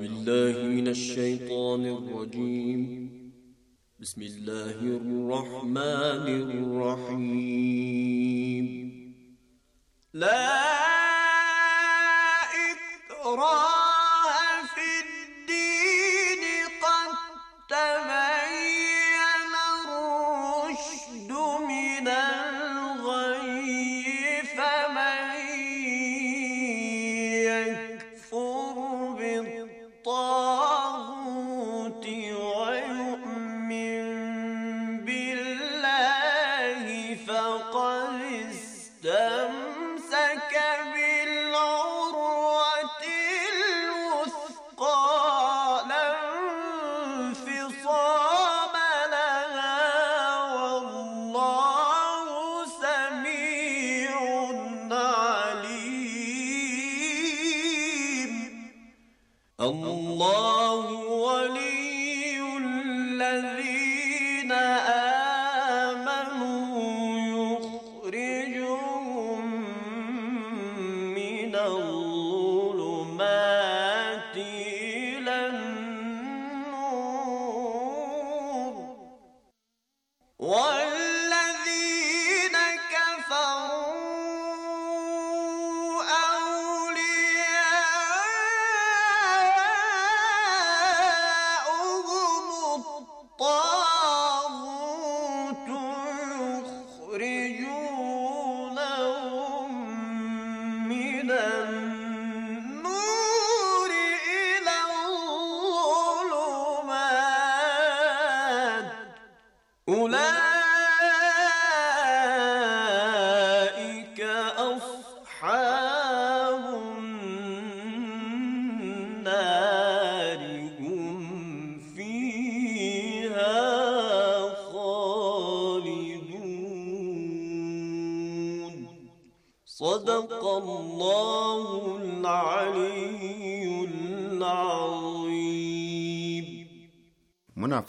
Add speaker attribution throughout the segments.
Speaker 1: بالله من الشيطان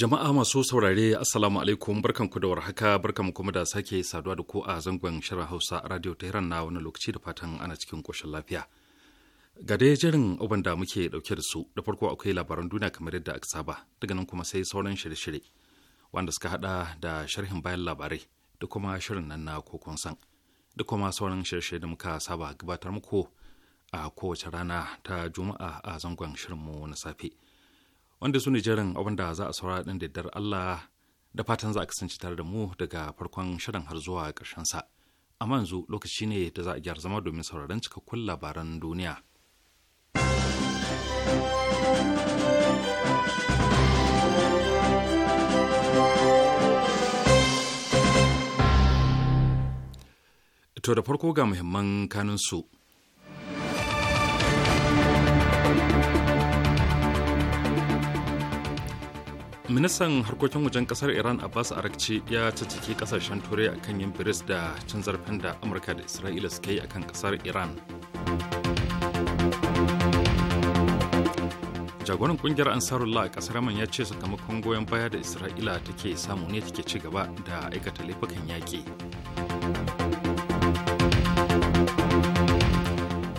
Speaker 2: Jama'a masu saurare Assalamu alaikum barkanku da warhaka barkanku kuma da sake saduwa da ku a zangon shirin Hausa a Radio Tehran na wani lokaci da fatan ana cikin koshin lafiya. Ga dai jirin abin da muke dauke da su da farko akwai labaran duniya kamar yadda aka saba daga nan kuma sai sauran shirye-shirye wanda suka hada da sharhin bayan labarai da kuma shirin nan na kokon san da kuma sauran shirye-shirye da muka saba gabatar muku a kowace rana ta Juma'a a zangon shirin mu na safe. wanda su ne jerin abin da za a saura ɗin daidar Allah da fatan za a kasance tare da mu daga farkon shirin har zuwa ƙarshen sa. Amma yanzu lokaci ne da za a gyara zama domin sauraron cikakkun labaran duniya. To da farko ga muhimman kanunsu. su. ministan harkokin wajen kasar iran abbas arakci ya caccaki kasashen turai akan yin biris da cin zarafin da amurka da isra'ila suka yi akan kasar iran jagoran kungiyar ansarullah a kasar man ya ce sakamakon goyon baya da isra'ila take samu ne take ci gaba da aikata laifukan yaƙi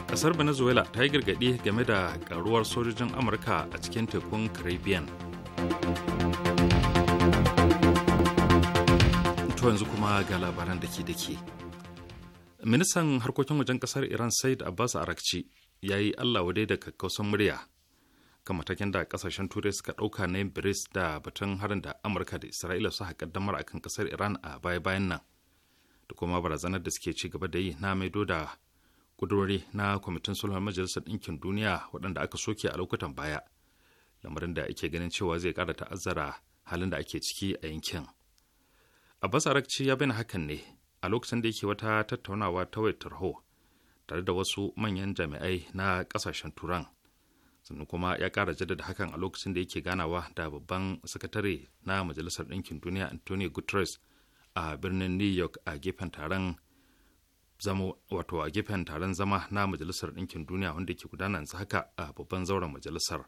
Speaker 2: kasar venezuela ta yi gargaɗi game da karuwar sojojin amurka a cikin tekun caribbean To yanzu kuma ga labaran da ke da ke. Ministan harkokin wajen kasar Iran Said Abbas Arakci ya yi Allah wadai da kakkausan murya kan matakin da kasashen turai suka ɗauka na biris da batun harin da Amurka da Isra'ila su damar a kan kasar Iran a baya-bayan nan da kuma barazanar da suke ci gaba da yi na maido da ƙudurori na kwamitin sulhun majalisar ɗinkin duniya waɗanda aka soke a lokutan baya. lamarin da ake ganin cewa zai kara ta'azzara halin da ake ciki a yankin abbas arakci ya bayyana hakan ne a lokacin da yake wata tattaunawa ta wayar tarho tare da wasu manyan jami'ai na ƙasashen turan sannan kuma ya kara jaddada hakan a lokacin da yake ganawa da babban sakatare na majalisar ɗinkin duniya antonio guterres a birnin new york a gefen taron zama wato a gefen taron zama na majalisar ɗinkin duniya wanda ke gudana yanzu haka a babban zauren majalisar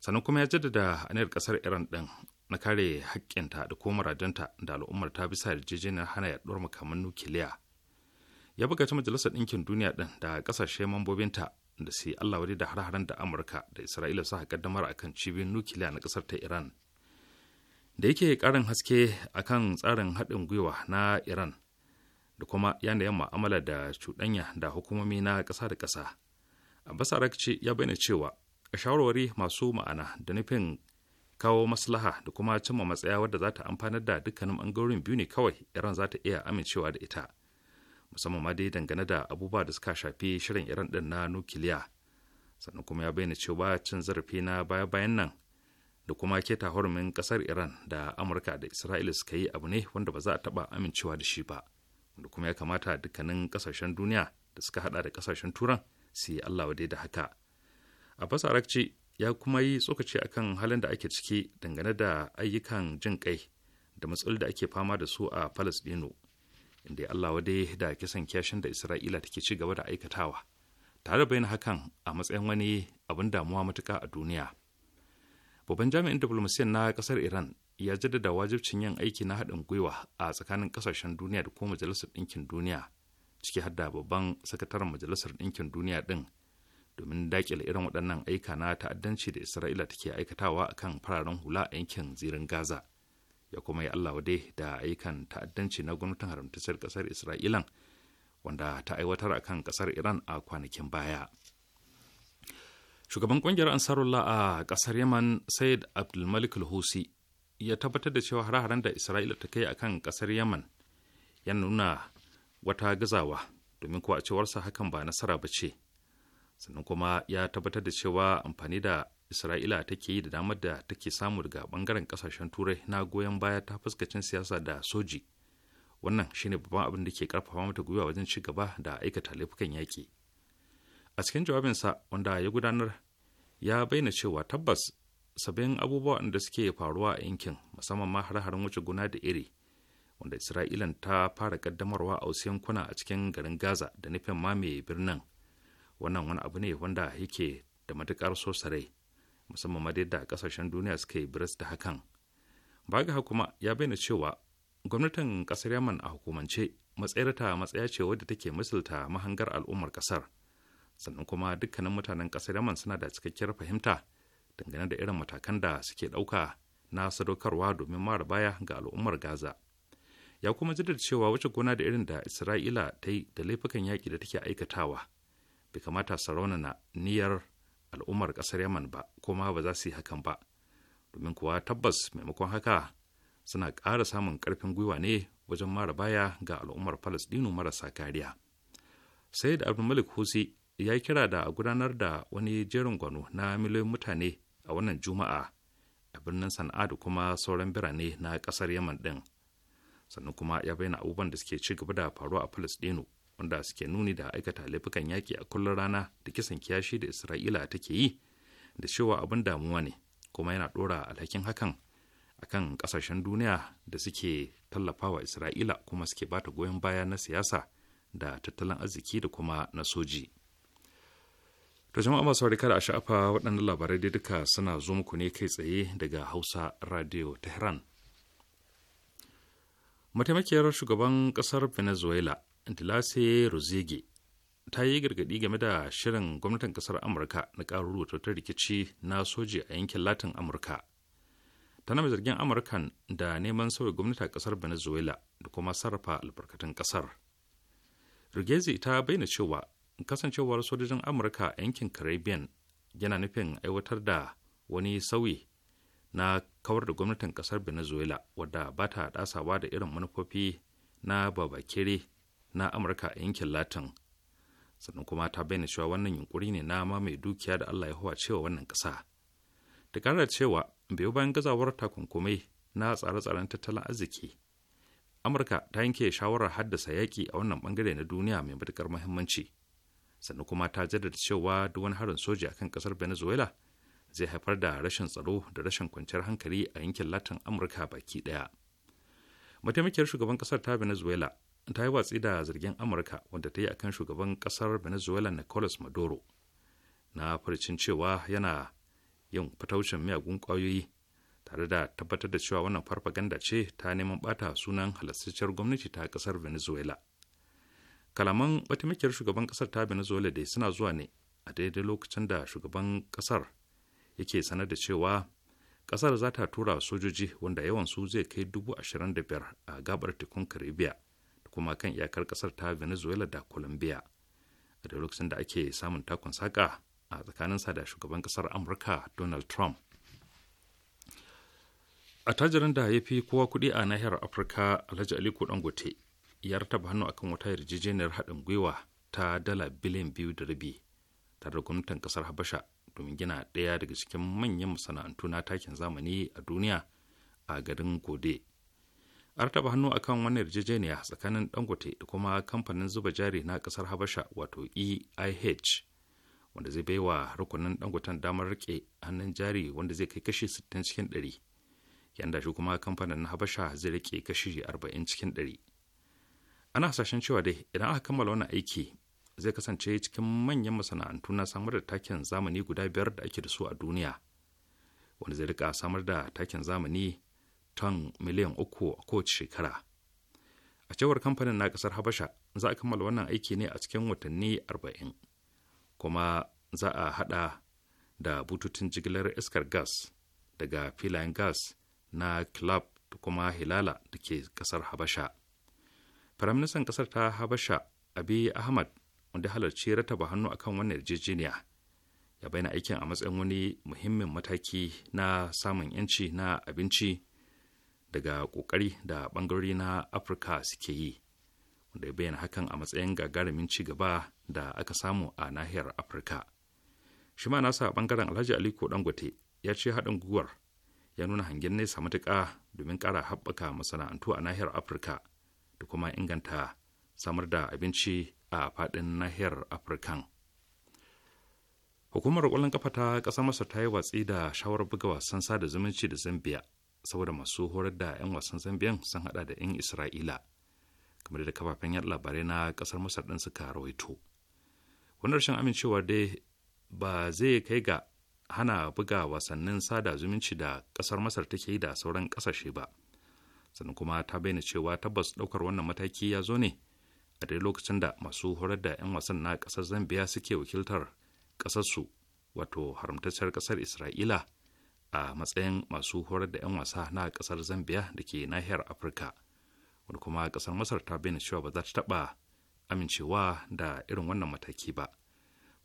Speaker 2: sannan kuma ya jaddada hanyar kasar iran din na kare haƙƙinta da kuma ta da al'ummar ta bisa yarjejeniyar hana yaɗuwar makaman nukiliya ya bugaci majalisar ɗinkin duniya din da ƙasashe mambobinta da su allah wadi da har-haren da amurka da isra'ila su kaddamar akan cibiyoyin nukiliya na ƙasar ta iran da yake ƙarin haske akan tsarin haɗin gwiwa na iran da kuma yanayin mu'amala da cuɗanya da hukumomi na ƙasa da ƙasa abbas arakci ya bayyana cewa a shawarwari masu ma'ana da nufin kawo maslaha da kuma cimma matsaya wadda za ta amfanar da dukkanin bangarorin biyu ne kawai iran za ta iya amincewa da ita musamman ma dai dangane da abubuwa da suka shafi shirin iran din na nukiliya sannan kuma ya bayyana cewa cin zarafi na baya-bayan nan da kuma keta hurumin kasar iran da amurka da isra'ila suka yi abu ne wanda ba za a taba amincewa da shi ba wanda kuma ya kamata dukkanin kasashen duniya da suka hada da kasashen turan su yi allah wadai da haka abbas arakci ya kuma yi tsokaci akan halin da ake ciki dangane da ayyukan jin kai da matsaloli da ake fama da su a palestino inda ya allah wadai da kisan kyashin da isra'ila take ci gaba da aikatawa tare da bayyana hakan a matsayin wani abin damuwa matuka a duniya babban jami'in diplomasiyan na kasar iran ya jaddada wajibcin yin aiki na haɗin gwiwa a tsakanin kasashen duniya da kuma majalisar ɗinkin duniya ciki har da babban sakataren majalisar ɗinkin duniya ɗin domin dakile irin waɗannan aika na ta'addanci da isra'ila take aikatawa a kan fararen hula a yankin zirin gaza ya kuma yi allah dai da aikan ta'addanci na gwamnatin haramtacciyar ƙasar isra'ilan wanda ta aiwatar a kan ƙasar iran a kwanakin baya shugaban ƙungiyar ansarullah a ƙasar yaman said abdulmalik husi ya tabbatar da cewa hare-haren da isra'ila ta kai a kan ƙasar yaman ya nuna wata gazawa domin kuwa cewarsa hakan ba nasara ba ce sannan kuma ya tabbatar da cewa amfani da isra'ila take yi da damar da take samu daga bangaren kasashen turai na goyon baya ta fuskacin siyasa da soji wannan shine babban abin da ke karfafa mata gwiwa wajen ci gaba da aikata laifukan yaƙi a cikin jawabinsa wanda ya gudanar ya bayyana cewa tabbas sabbin abubuwa da suke faruwa a yankin musamman ma har harin wuce gona da iri wanda isra'ilan ta fara kaddamarwa a wasu yankuna a cikin garin gaza da nufin mamaye birnin wannan wani abu ne wanda yake da matukar so sarai musamman ma da kasashen duniya suka yi biris da hakan baga kuma ya bayyana cewa gwamnatin kasar yaman a hukumance matsayar ta matsaya ce wadda take misalta mahangar al'ummar kasar sannan kuma dukkanin mutanen kasar yaman suna da cikakkiyar fahimta dangane da irin matakan da suke ɗauka na sadaukarwa domin mara baya ga al'ummar gaza ya kuma jaddada cewa wace gona da irin da isra'ila ta yi da laifukan yaƙi da take aikatawa bai kamata su raunana niyyar al'ummar ƙasar yaman ba kuma ba za su yi hakan ba domin kuwa tabbas maimakon haka suna ƙara samun ƙarfin gwiwa ne wajen mara baya ga al'ummar falasɗinu marasa kariya sai da abdulmalik husi ya kira da a gudanar da wani jerin gwano na miliyoyin mutane a wannan juma'a a birnin sana'a da kuma sauran birane na ƙasar yaman ɗin sannan kuma ya bayyana abubuwan da suke ci gaba da faruwa a falasɗinu wanda suke nuni da aikata laifukan yaƙi a kullum rana da kisan kiyashi da isra'ila take yi da cewa abin damuwa ne kuma yana ɗora alhakin hakan akan ƙasashen duniya da suke tallafawa isra'ila kuma suke bata goyon baya na siyasa da tattalin arziki da kuma na soji to jama'a masu warika da a sha'afa waɗannan labarai dai duka suna zo muku ne kai tsaye daga hausa radio tehran mataimakiyar shugaban ƙasar venezuela Dilase Rozege ta yi gargaɗi game da shirin gwamnatin ƙasar Amurka na ƙaruru ta rikici na soji a yankin Latin Amurka. Tana mai zargin Amurkan da neman sauya gwamnati a ƙasar Venezuela da kuma sarrafa albarkatun ƙasar. Rigezi ta bayyana cewa kasancewar sojojin Amurka a yankin Caribbean yana nufin aiwatar da wani sauyi na kawar da gwamnatin kasar venezuela wadda ba ta dasawa da irin manufofi na babakere na amurka a yankin latin sannan kuma ta bayyana cewa wannan yunkuri ne na mai dukiya da allah ya huwa cewa wannan ƙasa ta ƙara cewa biyu bayan gazawar takunkumai na tsare-tsaren tattalin arziki amurka ta yanke shawarar haddasa yaƙi a wannan bangare na duniya mai matuƙar muhimmanci sannan kuma ta jaddada cewa duk wani harin soja akan ƙasar venezuela zai haifar da rashin tsaro da rashin kwanciyar hankali a yankin latin amurka baki ɗaya mataimakiyar shugaban ƙasar ta venezuela ta yi watsi da zargin amurka wanda ta yi akan shugaban kasar venezuela nicolas maduro na farcin cewa yana yin fataucin miyagun kwayoyi tare da tabbatar da cewa wannan farfaganda ce ta neman bata sunan halastacciyar gwamnati ta kasar venezuela kalaman mataimakiyar shugaban kasar ta venezuela dai suna zuwa ne a daidai lokacin da shugaban kasar yake sanar da cewa kasar za ta tura sojoji wanda yawan su zai kai dubu ashirin da biyar a gabar tekun caribbean kuma kan iyakar kasar ta venezuela da colombia a da lokacin da ake samun takon saka a tsakaninsa da shugaban kasar amurka donald trump a tajirin da ya fi kowa kuɗi a nahiyar afirka alhaji aliko dangote ya rataba hannu akan wata yarjejeniyar haɗin gwiwa ta dala biliyan biyu da rabi tare da gwamnatin kasar habasha domin gina ɗaya daga cikin manyan masana'antu na takin zamani a duniya a garin gode an taba hannu kan wani yarjejeniya tsakanin dangote da kuma kamfanin zuba jari na kasar habasha wato eih wanda zai baiwa rukunin dangoten damar rike hannun jari wanda zai kai kashi 60 cikin 100 yanda shi kuma kamfanin habasha zai rike kashi 40 cikin 100 ana hasashen cewa dai idan aka kammala wani aiki zai kasance cikin manyan masana'antu na samar da takin zamani guda biyar da ake da su a duniya wanda zai rika samar da takin zamani tan miliyan uku a kowace shekara a cewar kamfanin na kasar habasha za a kammala wannan aiki ne a cikin watanni arba'in kuma za a haɗa da bututun jigilar iskar gas daga filayen gas na club da kuma hilala da ke kasar habasha firaministan kasar ta habasha abi ahmad wanda halarci rataba hannu akan wannan yarjejeniya ya bayyana aikin a matsayin wani muhimmin mataki na samun yanci na abinci daga kokari da bangarori na afirka suke yi wanda ya bayyana hakan a matsayin gagarumin ci gaba da aka samu a nahiyar afirka shi ma nasa bangaren alhaji aliko dangote ya ce haɗin guwar ya nuna hangen nesa matuka domin ƙara haɓaka masana'antu a nahiyar afirka da kuma inganta samar da abinci a faɗin nahiyar afirkan hukumar ƙwallon kafa ta ƙasar masar ta yi watsi da shawarar buga wasan sada zumunci da zambia saboda masu horar da 'yan wasan zambiyan sun hada da 'yan isra'ila kamar da kafafen yadda labarai na kasar masar din suka rawaito wani rashin amincewa dai ba zai kai ga hana buga wasannin sada zumunci da kasar masar take yi da sauran kasashe ba sannan kuma ta bayyana cewa tabbas daukar wannan mataki ya zo ne a dai lokacin da masu horar da 'yan wasan na kasar zambiya suke wakiltar kasarsu wato haramtacciyar kasar isra'ila a matsayin masu horar da 'yan wasa na kasar zambia da ke nahiyar afirka wani kuma kasar masar ta bayyana cewa ba za ta taɓa amincewa da irin wannan mataki ba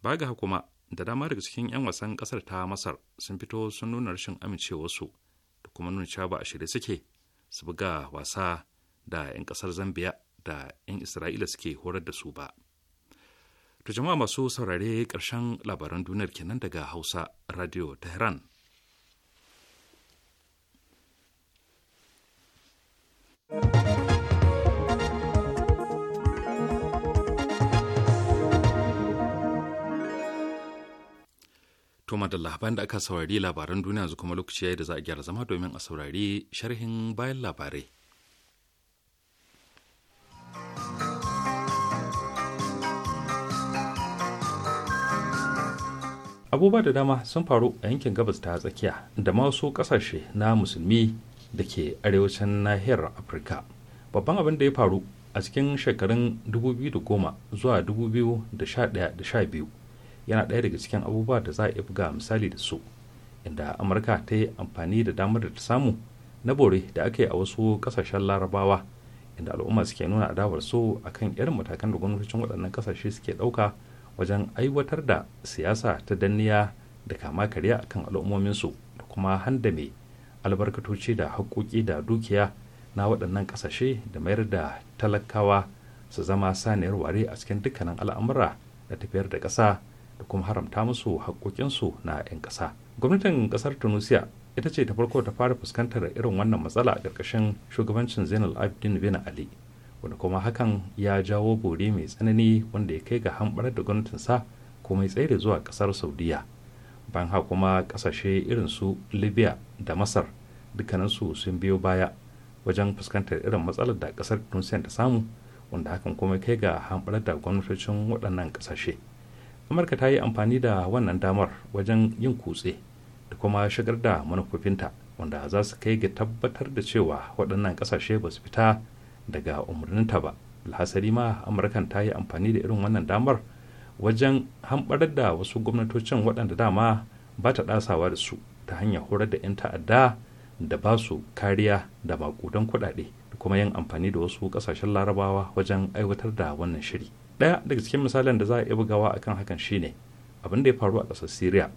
Speaker 2: ba ga kuma da dama daga cikin 'yan wasan kasar ta masar sun fito sun nuna rashin amincewarsu da kuma nuna cewa ba a shirye suke su buga wasa da 'yan kasar zambia da 'yan isra'ila suke horar da su ba to jama'a masu saurare karshen labaran duniyar kenan daga hausa radio tehran Toma da labaran da aka saurari labaran duniya yanzu kuma lokaci yayi da za a gyara zama domin a saurari sharhin bayan labarai. abubuwa da dama sun faru a yankin gabas ta tsakiya da masu kasashe na musulmi da ke arewacin nahiyar afirka babban abin da ya faru a cikin shekarun 2010 zuwa 2011-12 yana ɗaya daga cikin abubuwa da za a iya buga misali da su inda amurka ta yi amfani da damar da ta samu na bore da aka yi a wasu ƙasashen larabawa inda al'umma suke nuna adawar so kan irin matakan da gwamnatocin waɗannan ƙasashe suke ɗauka wajen aiwatar da siyasa ta danniya da kama karya akan al'ummominsu da kuma handame albarkatoci da haƙoƙi da dukiya na waɗannan ƙasashe da mayar da talakawa su zama saniyar ware a cikin dukkanin al'amura da tafiyar da ƙasa da kuma haramta musu haƙoƙinsu na 'yan ƙasa gwamnatin ƙasar tunisia ita ce ta farko ta fara fuskantar irin wannan matsala a ƙarƙashin shugabancin zainal abidin bin ali wanda kuma hakan ya jawo bore mai tsanani wanda ya kai ga hamɓarar da gwamnatinsa kuma ya tsere zuwa ƙasar saudiya ban ha kuma kasashe irin su libya da masar dukkaninsu sun biyo baya wajen fuskantar irin matsalar da kasar tunisia ta samu wanda hakan kuma kai ga hamɓarar da gwamnatocin waɗannan kasashe amurka ta yi amfani da wannan damar wajen yin kutse da kuma shigar da manufofinta wanda za su kai ga tabbatar da cewa waɗannan kasashe ba su fita daga umarninta ba alhasari ma amurkan ta yi amfani da irin wannan damar wajen hamɓar da wasu gwamnatocin waɗanda dama ba ta ɗasawa da su ta hanyar horar da 'yan ta'adda da ba su kariya da makudan kuɗaɗe da kuma yin amfani da wasu ƙasashen larabawa wajen aiwatar da wannan shiri ɗaya daga cikin misalin da za a iya bugawa kan hakan shine abin da ya faru a ƙasar siriya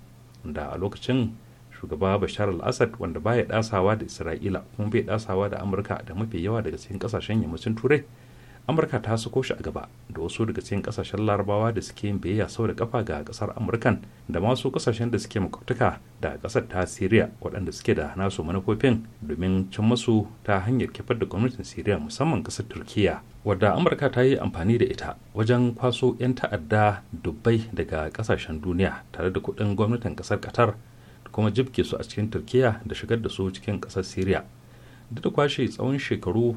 Speaker 2: da a lokacin shugaba bashar al-assad wanda baya ɗasawa da isra'ila kuma bai ɗasawa da amurka da mafi yawa daga cikin ƙasashen yammacin turai amurka ta sako shi a gaba da wasu daga cikin kasashen larabawa da suke yin biyayya sau da kafa ga kasar amurkan da masu kasashen da suke makwabtaka da kasar ta syria waɗanda suke da nasu manufofin domin cin masu ta hanyar kifar da gwamnatin syria musamman kasar turkiya wadda amurka ta yi amfani da ita wajen kwaso 'yan ta'adda dubbai daga kasashen duniya tare da kuɗin gwamnatin kasar qatar da kuma jibke su a cikin turkiya da shigar da su cikin kasar syria duk da kwashe tsawon shekaru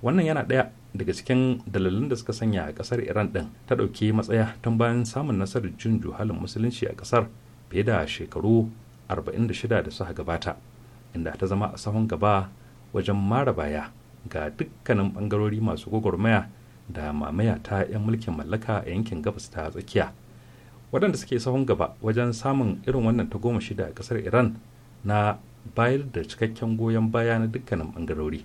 Speaker 2: wannan yana ɗaya daga cikin dalilin da suka sanya a ƙasar iran ɗin ta ɗauki matsaya tun bayan samun nasarar jin juhalin musulunci a ƙasar fiye da shekaru 46 da suka gabata inda ta zama a sahun gaba wajen mara baya ga dukkanin bangarori masu gwagwarmaya da mamaya ta 'yan mulkin mallaka a yankin gabas ta tsakiya waɗanda suke sahun gaba wajen samun irin wannan ta goma shida a ƙasar iran na bayar da cikakken goyon baya na dukkanin bangarori.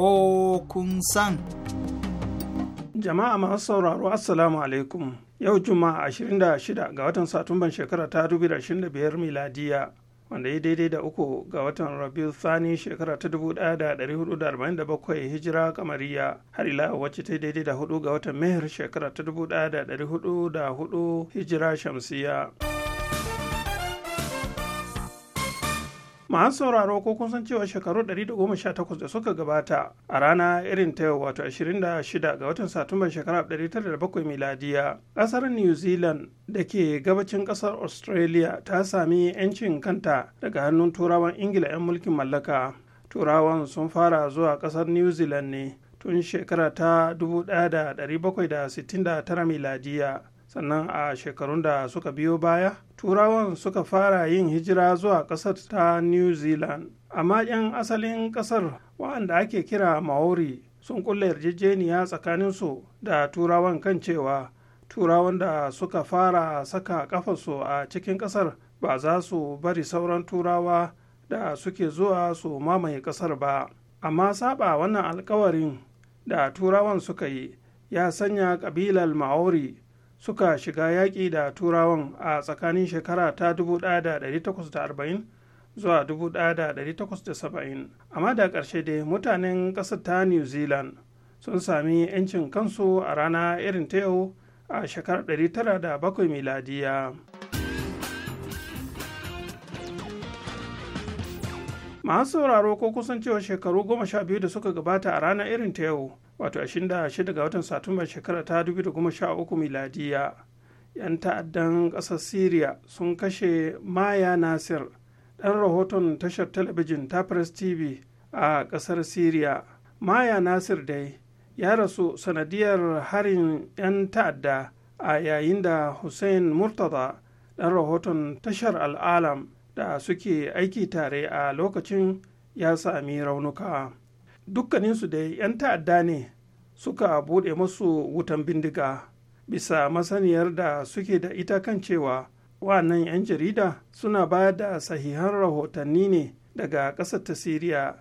Speaker 3: ko kun san. Jama'a masu sauraro Assalamu alaikum. Yau Juma'a 26 ga watan Satumban shekara ta 2025 miladiya wanda ya daidai da uku ga watan Rabiu Thani shekara ta 1447 hijira kamariya har ila wacce ta daidai da hudu ga watan Mehr shekara ta 1404 hijira shamsiya. masu sauraro ko kun san cewa shekaru 118 da suka gabata a rana irin ta yau wato 26 ga watan satumbar shekara 1907 miladiya kasar new zealand da ke gabacin kasar australia ta sami 'yancin kanta daga hannun turawan ingila 'yan mulkin mallaka turawan sun fara zuwa kasar new zealand ne tun shekara ta 1769 miladiya sannan a shekarun da suka biyo baya turawan suka fara yin hijira zuwa ƙasar ta new zealand amma 'yan asalin ƙasar waɗanda ake kira maori sun kulle yarjejeniya tsakaninsu da turawan kan cewa turawan da suka fara saka kafarsu a cikin ƙasar ba za su bari sauran turawa da suke zuwa su mamaye ƙasar ba amma saba wannan alkawarin da turawan suka yi ya sanya ƙabilar maori suka shiga yaƙi da turawan a tsakanin shekara ta 1840 zuwa 1870 amma da ƙarshe dai mutanen ƙasar ta new zealand sun sami 'yancin kansu a rana irin ta yau a shekarar 907 miladiya masu sauraro ko kusan cewa shekaru goma sha biyu da suka gabata a rana irin ta yau wato 26 ga watan satumba shekara ta 2013 miladiya yan ta'addan ƙasar syria sun kashe maya nasir ɗan rahoton tashar talabijin ta press tv a ƙasar syria maya nasir dai ya rasu sanadiyar harin 'yan ta'adda a yayin da hussein murtaza ɗan rahoton tashar al'alam da suke aiki tare a lokacin ya sami raunuka. dukkaninsu da 'yan ta'adda ne suka buɗe masu wutan bindiga bisa masaniyar da suke da ita kan cewa wannan 'yan jarida suna ba da sahihan rahotanni ne daga ƙasar ta siriya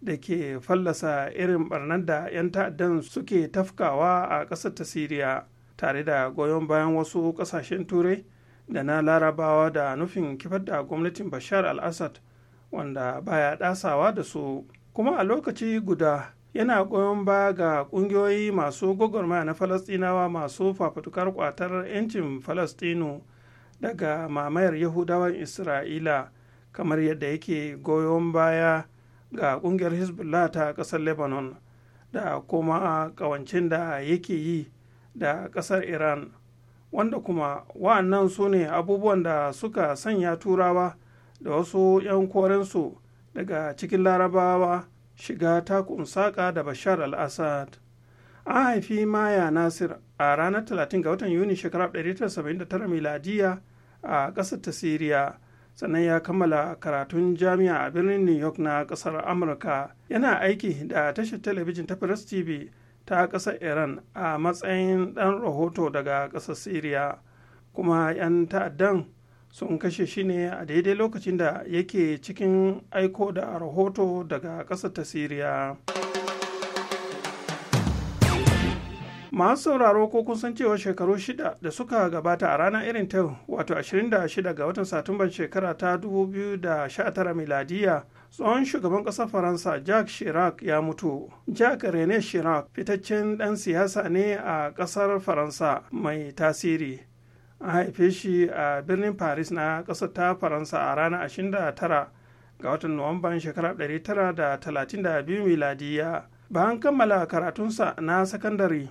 Speaker 3: da ke fallasa irin barnar da 'yan ta'addan suke tafkawa a ƙasar ta siriya tare da goyon bayan wasu ƙasashen turai da na larabawa da nufin kifar da gwamnatin bashar al-assad wanda baya ɗasawa da su kuma a lokaci guda yana goyon ba ga kungiyoyi masu gwagwarmaya na falastinawa masu fafutukar kwatar 'yancin falastinu daga mamayar yahudawan isra'ila kamar yadda yake goyon baya ga kungiyar hezbollah ta kasar lebanon da kuma kawancin da yake yi da kasar iran wanda kuma wa'annan su ne abubuwan da suka sanya turawa da wasu 'yan korensu daga cikin larabawa shiga takun saƙa da bashar al-assad an haifi maya nasir a ranar 30 ga watan yuni shekarar 1979 miladiya a ƙasar ta siriya sannan ya kammala karatun jami'a a birnin new york na ƙasar amurka yana aiki da tashar talabijin ta press tv ta ƙasar iran a matsayin ɗan rahoto daga ƙasar siriya kuma 'yan ta'addan sun kashe shi ne a daidai lokacin da yake cikin aiko da rahoto daga ƙasar ta siriya masu sauraro ko kun san cewa shekaru shida da suka gabata a ranar irin ta wato 26 ga watan satumban shekara ta 2019 miladiya tsohon shugaban ƙasar faransa jacques chirac ya mutu jacques rené chirac fitaccen ɗan siyasa ne a ƙasar faransa mai tasiri an haife shi a birnin paris na ƙasar ta faransa a ranar 29 ga watan nuwamban shekarar 932 miladiya bayan kammala karatunsa na sakandare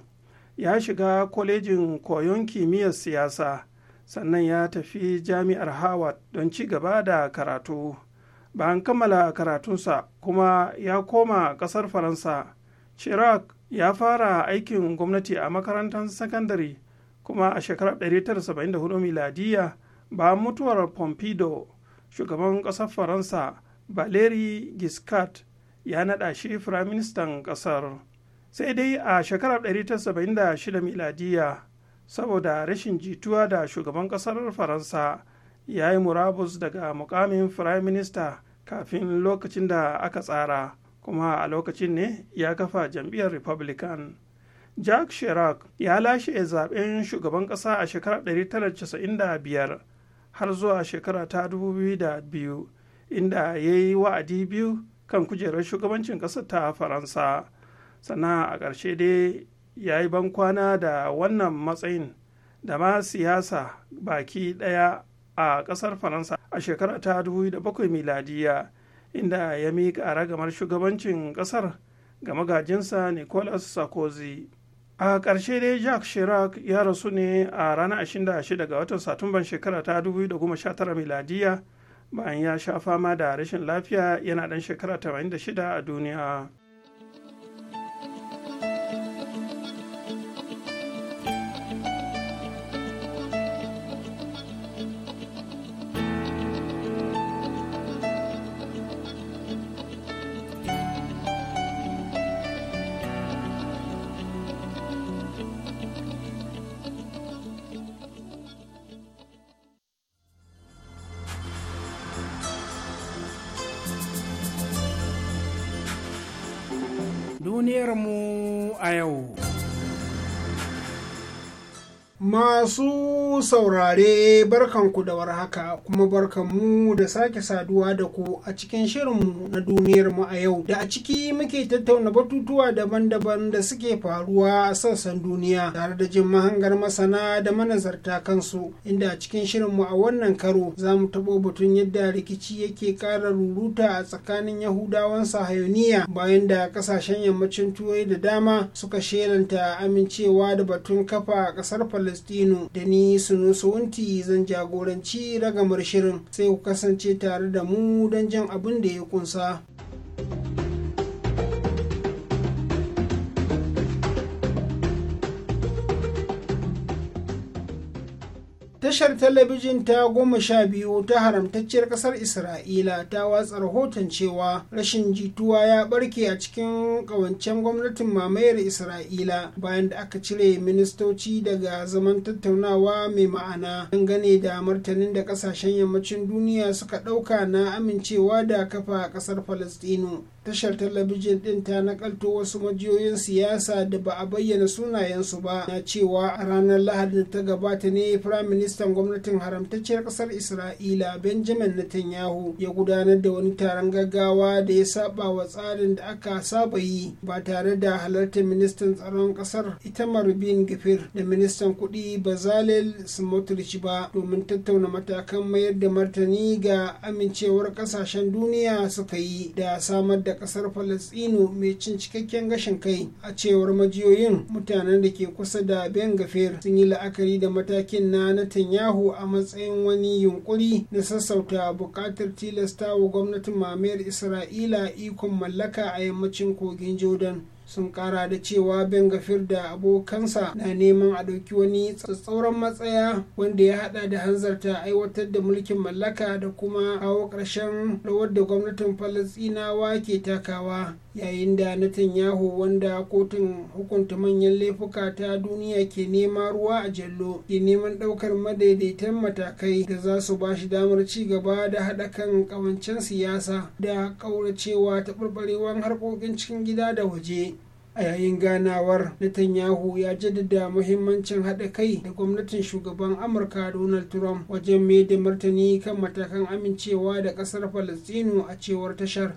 Speaker 3: ya shiga kwalejin koyon kimiyyar siyasa sannan ya tafi jami'ar harvard don ci gaba da karatu bayan kammala karatunsa kuma ya koma ƙasar faransa chirac ya fara aikin gwamnati a makarantar sakandare kuma a shekarar 1974 miladiya ba mutuwar pompido shugaban ƙasar faransa valeri giscard ya naɗa shi firaministan ƙasar sai dai a shekarar 1976 miladiya saboda rashin jituwa da shugaban ƙasar faransa ya yi murabus daga mukamin firaminista kafin lokacin da aka tsara kuma a lokacin ne ya kafa jam'iyyar republican Jack Chirac ya lashe zaben shugaban ƙasa a shekarar 1995 har zuwa shekara ta 2002 inda ya yi wa'adi biyu kan kujerar shugabancin ƙasar ta Faransa. Sannan a ƙarshe dai ya yi bankwana da wannan matsayin da ma siyasa baki ɗaya a ƙasar Faransa a shekara ta 2007 miladiya inda ya miƙa ragamar shugabancin ƙasar ga magajinsa Nicolas Sarkozy. a ƙarshe dai jacques chirac ya rasu ne a ranar 26 ga watan satumban shekara ta 2019 miladiya bayan ya sha fama da rashin lafiya yana ɗan shekara 86 a duniya
Speaker 4: penso saurare barkanku da haka kuma barkanmu da sake saduwa da ku a cikin shirinmu na duniyarmu a yau da a ciki muke tattauna batutuwa daban-daban da suke faruwa a sassan duniya tare da jin mahangar masana da manazarta kansu inda a cikin shirinmu a wannan karo za mu taɓo batun yadda rikici yake ƙara ruruta a tsakanin Yahudawan Sahayoniya bayan da ƙasashen yammacin Turai da dama suka shelanta amincewa da batun kafa a ƙasar Falastinu da ni su wunti zan jagoranci ragamar shirin sai ku kasance tare da mu don jan abin da ya kunsa. tashar talabijin ta goma sha biyu ta haramtacciyar kasar isra'ila ta watsa rahoton cewa rashin jituwa ya barke a cikin kawancen gwamnatin mamayar isra'ila bayan da aka cire ministoci daga zaman tattaunawa mai ma'ana dangane da martanin da kasashen yammacin duniya suka ɗauka na amincewa da kafa kasar falastinu tashar talabijin din ta nakalto wasu majiyoyin siyasa da ba a bayyana sunayensu ba na cewa a ranar lahadin ta gabata ne firayim ministan gwamnatin haramtacciyar kasar isra'ila benjamin netanyahu ya gudanar da wani taron gaggawa da ya saba wa tsarin da aka saba yi ba tare da halartar ministan tsaron kasar itamar bin gifir da ministan kuɗi bazalel smotrich ba domin tattauna matakan mayar da martani ga amincewar kasashen duniya suka yi da samar da kasar falastino mai cin cikakken gashin kai a cewar majiyoyin mutanen da ke kusa da ben gafir sun yi la'akari da matakin na netanyahu a matsayin wani yunkuri na sassauta buƙatar wa gwamnatin mamayar isra'ila ikon mallaka a yammacin kogin jordan sun kara da cewa ben gafir da abokansa na neman a ɗauki wani tsatsauran matsaya wanda ya hada da hanzarta aiwatar da mulkin mallaka da kuma kawo ƙarshen rawar da gwamnatin falasinawa ke takawa yayin da Netanyahu wanda kotun hukunta manyan laifuka ta duniya ke nema ruwa a jallo ke neman ɗaukar madaidaitan matakai da za su ba shi damar ci gaba da haɗa kan ƙawancen siyasa da ƙauracewa ta ɓarɓarewar harkokin cikin gida da waje a yayin ganawar Netanyahu ya jaddada muhimmancin haɗa kai da gwamnatin shugaban Amurka Donald Trump wajen mai da martani kan matakan amincewa da ƙasar Falastinu a cewar tashar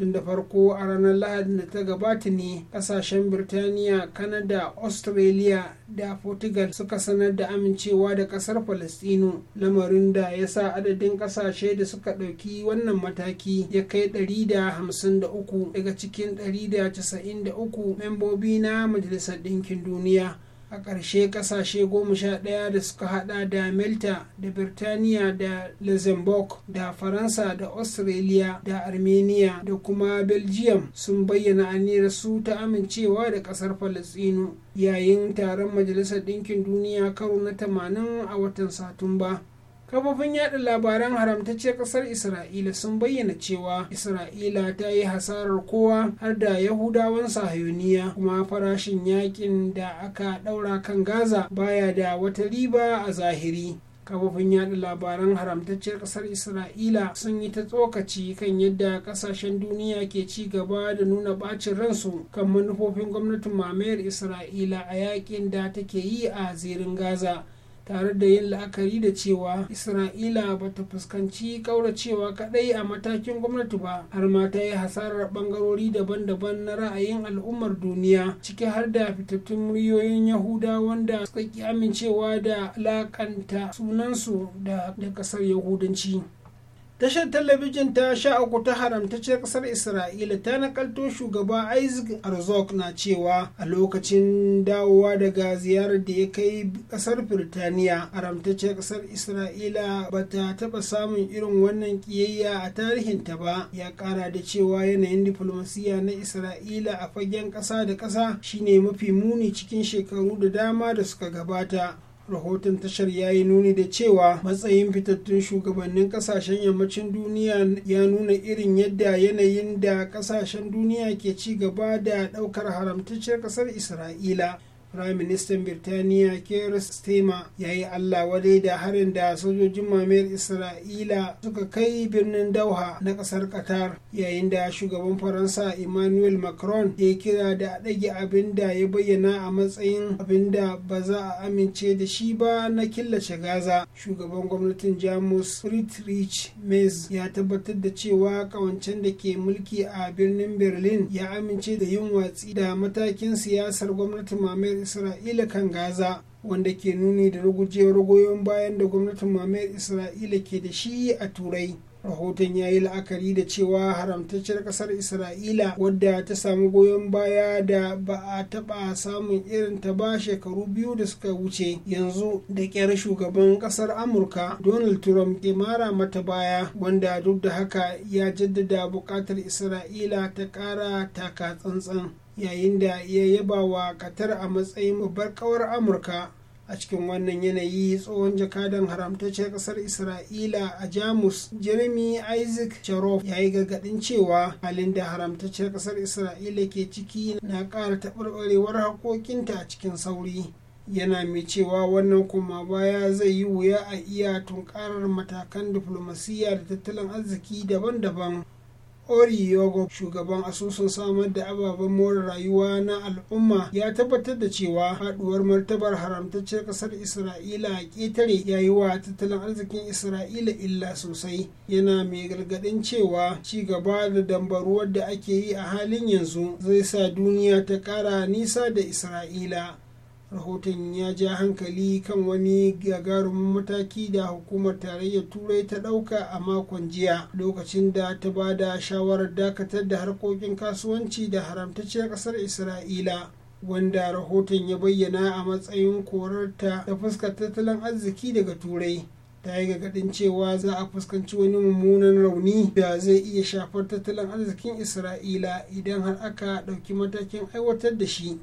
Speaker 4: tun da farko a ranar lahadin da ta gabata ne kasashen birtaniya kanada australia da portugal suka sanar da amincewa da kasar palestino lamarin da ya sa adadin kasashe da suka ɗauki wannan mataki ya kai 153 daga cikin 193 membobi na majalisar ɗinkin duniya a ƙarshe ƙasashe goma sha ɗaya da suka haɗa da melta da birtaniya da luxembourg da faransa da australia da armenia da kuma belgium sun bayyana aniyar su ta amincewa da ƙasar falastinu yayin taron majalisar ɗinkin duniya karo na 80 a watan satumba kafofin yaɗa labaran haramtacciyar ƙasar isra'ila sun bayyana cewa isra'ila ta yi hasarar kowa har da yahudawan sahayoniya kuma farashin yakin da aka ɗaura kan gaza baya da wata riba a zahiri kafofin yaɗa labaran haramtacciyar ƙasar isra'ila sun yi ta tsokaci kan yadda ƙasashen duniya ke ci gaba da nuna bacin ransu kan manufofin gwamnatin mamayar isra'ila a yakin da take yi a zirin gaza tare da yin la'akari da cewa isra'ila ba ta fuskanci kauracewa kadai a matakin gwamnati ba har ma ta yi hasarar bangarori daban-daban na ra'ayin al'ummar duniya ciki har da fitattun muryoyin yahuda wanda suka ki amincewa da alakanta sunansu da kasar yahudanci tashar talabijin ta sha uku ta ce kasar isra'ila ta nakalto shugaba isaac arzok na cewa a lokacin dawowa daga ziyarar da ya kai kasar birtaniya ce kasar isra'ila ba ta taba samun irin wannan kiyayya a tarihinta ba ya kara da cewa yanayin diplomasiya na isra'ila a fagen kasa da kasa shine mafi muni cikin shekaru da dama da suka gabata rahoton tashar ya yi nuni da cewa matsayin fitattun shugabannin kasashen yammacin duniya ya nuna irin yadda yanayin da kasashen duniya ke ci gaba da daukar haramtacciyar kasar isra'ila Prime Firaministan Birtaniya Keir Starmer ya yi Allah wadai da harin da sojojin mamayar Isra'ila suka kai birnin Dauha na ƙasar Qatar yayin da shugaban Faransa Emmanuel Macron ya kira da a ɗage abin da ya bayyana a matsayin abin da ba za a amince da shi ba na killace Gaza. Shugaban gwamnatin Jamus Friedrich Merz ya tabbatar da cewa kawancen da ke mulki a birnin Berlin ya amince da yin watsi da matakin siyasar gwamnatin mamayar isra'ila kan gaza wanda ke nuni da rugujewar goyon bayan da gwamnatin mamayar isra'ila ke da shi a turai rahoton ya yi la'akari da cewa haramtacciyar kasar isra'ila wadda ta samu goyon baya da ba a taɓa samun irin ta ba shekaru biyu da suka wuce yanzu da ƙyar shugaban kasar amurka donald trump ke mara mata baya wanda duk da haka ya jaddada buƙatar isra'ila ta ƙara taka tsantsan yayin da ya yaba wa katar a matsayin babbar kawar amurka a cikin wannan yanayi tsohon jakadan haramtacciyar ƙasar isra'ila a jamus jeremy isaac sharof ya yi gargaɗin cewa halin da haramtacciyar ƙasar isra'ila ke ciki na ƙara taɓarɓarewar haƙoƙinta a cikin sauri yana mai cewa wannan kuma baya zai yi wuya a iya tunkarar matakan diflomasiyya da tattalin arziki daban-daban ori yogo shugaban asusun samar da ababen more rayuwa na al'umma ya tabbatar da cewa haduwar martabar haramtacciyar kasar isra'ila a ƙetare ya yi wa tattalin arzikin isra'ila illa sosai yana mai gargaɗin cewa ci gaba da dambaruwar da ake yi a halin yanzu zai sa duniya ta ƙara nisa da isra'ila rahoton ya ja hankali kan wani gagarumin mataki da hukumar tarayyar turai ta ɗauka a makon jiya lokacin da ta ba da shawarar dakatar da harkokin kasuwanci da haramtacciyar ƙasar isra'ila wanda rahoton ya bayyana a matsayin korarta ta fuskar tattalin arziki daga turai ta yi gagadin cewa za a fuskanci wani mummunan rauni da zai iya shafar tattalin arzikin isra'ila idan har aka ɗauki matakin aiwatar da shi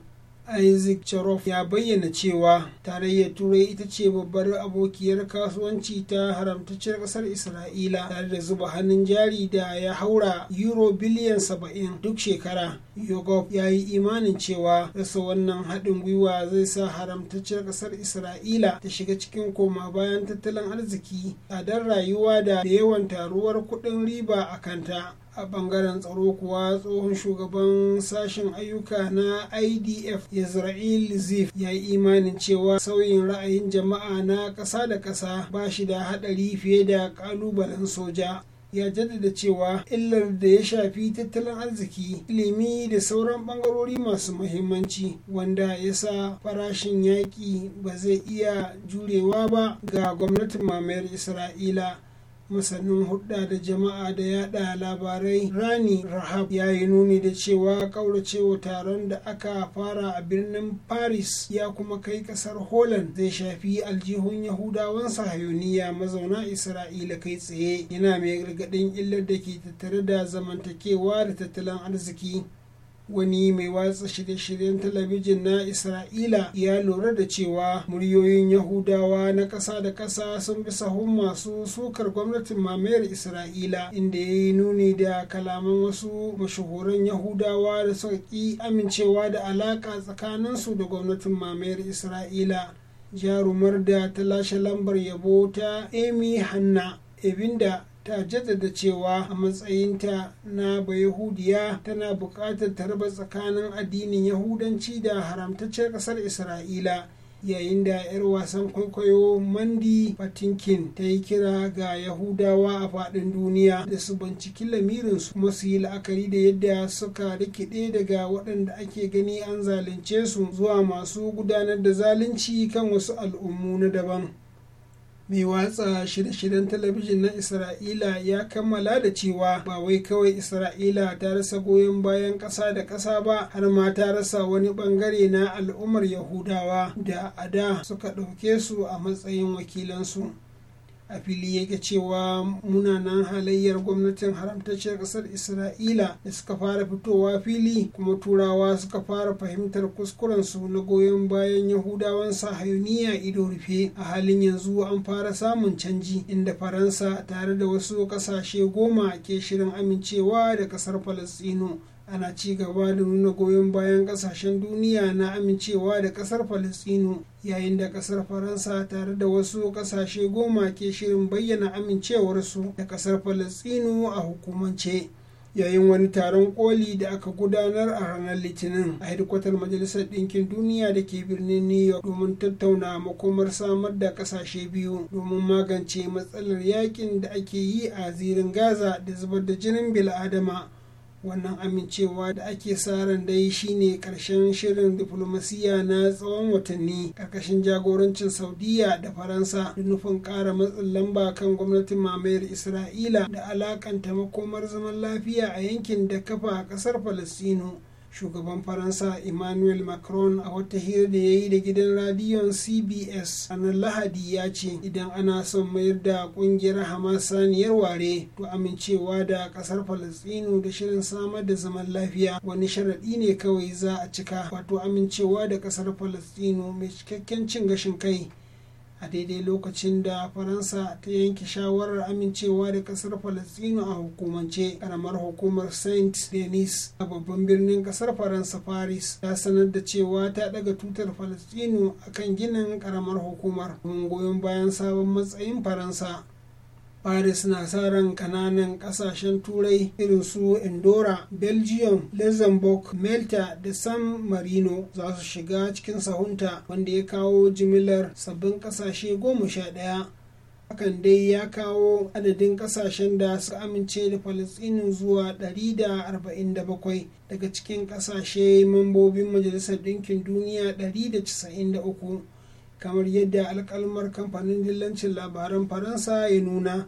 Speaker 4: isaac charof ya bayyana cewa tarayyar turai ita ce babbar abokiyar kasuwanci ta haramtacciyar kasar isra'ila tare da zuba hannun jari da ya haura euro biliyan 70 duk shekara yogop ya yi imanin cewa rasa wannan haɗin gwiwa zai sa haramtacciyar kasar isra'ila ta shiga cikin koma bayan tattalin arziki tsadar rayuwa da yawan taruwar kuɗin riba a kanta a bangaren tsaro kuwa tsohon shugaban sashen ayyuka na idf israel zif ya yi imanin cewa sauyin ra'ayin jama'a na ƙasa da ƙasa ba shi da haɗari fiye da ƙalubalen soja ya jaddada cewa illar da ya shafi tattalin arziki ilimi da sauran bangarori masu muhimmanci wanda ya sa farashin yaƙi ba zai iya jurewa ba ga gwamnatin mamayar isra'ila masanin hulɗa da jama'a da yada labarai rani rahab ya yi nuni da cewa kauracewa taron da aka fara a birnin paris ya kuma kai kasar holland zai shafi aljihun yahudawan sahayoniya mazauna isra'ila kai tsaye yana mai gargaɗin illar da ke tattare da zamantakewa da tattalin arziki wani mai watsa shirye-shiryen talabijin na isra'ila ya lura da cewa muryoyin yahudawa na ƙasa da ƙasa sun bi sahun masu sukar gwamnatin mamayar isra'ila inda ya yi nuni da kalaman wasu mashahuran yahudawa da suka amincewa da alaƙa tsakaninsu da gwamnatin mamayar isra'ila jarumar da ta lashe lambar yabo ta amy hanna abinda ta jaddada cewa a matsayinta na bayahudiya tana buƙatar ta raba tsakanin addinin yahudanci da haramtaccen ƙasar isra'ila yayin da 'yar wasan kwaikwayo mandi patinkin ta yi kira ga yahudawa a faɗin duniya da su binciki lamirinsu kuma su yi la'akari da yadda suka rikide daga waɗanda ake gani an zalunce su zuwa masu gudanar da zalunci kan wasu al'ummu na daban mai watsa shirye-shiryen talabijin na isra'ila ya kammala da cewa ba wai kawai isra'ila ta rasa goyon bayan ƙasa da ƙasa ba har ma ta rasa wani bangare na al'ummar yahudawa da ada suka ɗauke su a matsayin wakilansu a fili yake cewa munanan halayyar gwamnatin haramtacciyar ƙasar isra'ila da suka fara fitowa fili kuma turawa suka fara fahimtar kuskurensu na goyon bayan yahudawan sahayuniya ido rufe a halin yanzu an fara samun canji inda faransa tare da wasu ƙasashe goma ke shirin amincewa da ƙasar falastino ana ci gaba da nuna goyon bayan kasashen duniya na amincewa da kasar falistino yayin da kasar faransa tare da wasu kasashe goma ke shirin bayyana amincewarsu da kasar falistino a hukumance yayin wani taron koli da aka gudanar a ranar litinin a hedikwatar majalisar ɗinkin duniya da ke birnin new york domin tattauna makomar samar da ƙasashe biyu domin magance matsalar yakin da ake yi a zirin gaza da zubar da jinin bil'adama wannan amincewa da ake sa ran dai shine karshen shirin diflomasiya na tsawon watanni karkashin jagorancin saudiya da faransa da nufin kara matsin lamba kan gwamnatin mamayar isra'ila da alakanta makomar zaman lafiya a yankin da kafa kasar falastinu shugaban faransa emmanuel macron a wata hira da ya yi da gidan radiyon cbs a nan lahadi ya ce idan ana son mayar da kungiyar hamas saniyar ware to amincewa da kasar falastinu da shirin samar da zaman lafiya wani sharaɗi ne kawai za a cika wato amincewa da kasar falastinu mai cikakken cin gashin kai a daidai lokacin da faransa ta yanke shawarar amincewa da kasar palestino a hukumance karamar hukumar saint denis a babban birnin kasar faransa paris ta sanar da cewa ta daga tutar palestino akan ginin karamar hukumar goyon bayan sabon matsayin faransa paris na sa ran kananan kasashen turai irin su indora belgium luxembourg malta da san marino za su shiga cikin sahunta wanda ya kawo jimilar sabbin kasashe goma sha ɗaya hakan dai ya kawo adadin kasashen da suka amince da falastinin zuwa 147 daga cikin kasashe mambobin majalisar ɗinkin duniya 193 kamar yadda alkalmar kamfanin dillancin labaran faransa ya nuna